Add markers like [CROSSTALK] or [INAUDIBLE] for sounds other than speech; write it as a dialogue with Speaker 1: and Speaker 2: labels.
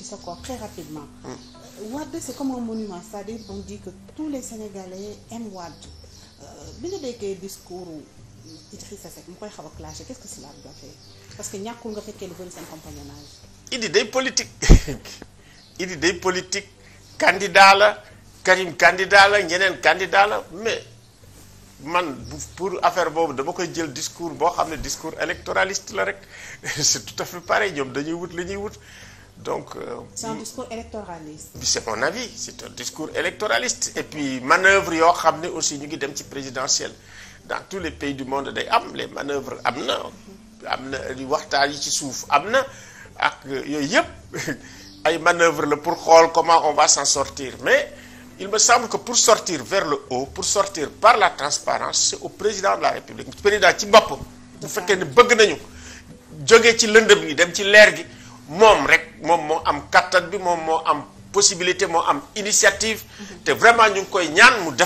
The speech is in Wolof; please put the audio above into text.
Speaker 1: ci sa corps très rapidement. Wade c'est comme un monument c'est-à-dire que tous les Sénégalais aiment Wade euh, bi nga déggee discours Idrissa Seck mu koy xaw a clashé qu'est-ce que cela doit faire parce que ñàkkul nga fekkee lu bëri seen compagnonnage.
Speaker 2: Idi day politique [LAUGHS] Idi day politique candidat la Karim candidat la ñeneen candidat la mais man pour affaire boobu dama koy jël discours boo xam ne discours électoraliste la rek [LAUGHS] c'est tout à fait pareil ñoom dañuy wut li ñuy wut. donc. Euh, c'est un discours
Speaker 3: électoraliste.
Speaker 2: c'est mon avis électoraliste. et puis manœuvre yoo xam ne aussi ñu ngi dem ci présidentielle dans tous les pays du monde day am les manœuvres am na. am na waxtaan yi ci suuf am na ak yooyu yëpp [LAUGHS] ay manœuvre la pour xool comment on va s'en sortir mais il me semble que pour sortir vers le haut pour sortir par la transparence c'est au président de la république président ci boppam. bu fekkee ne bëgg nañu jóge ci lëndëm gi dem ci leer gi. moom rek moom moo am kattan bi moom moo am possibilité moo am initiative mm-hmm. te vraiment ñu ngi koy ñaan mu def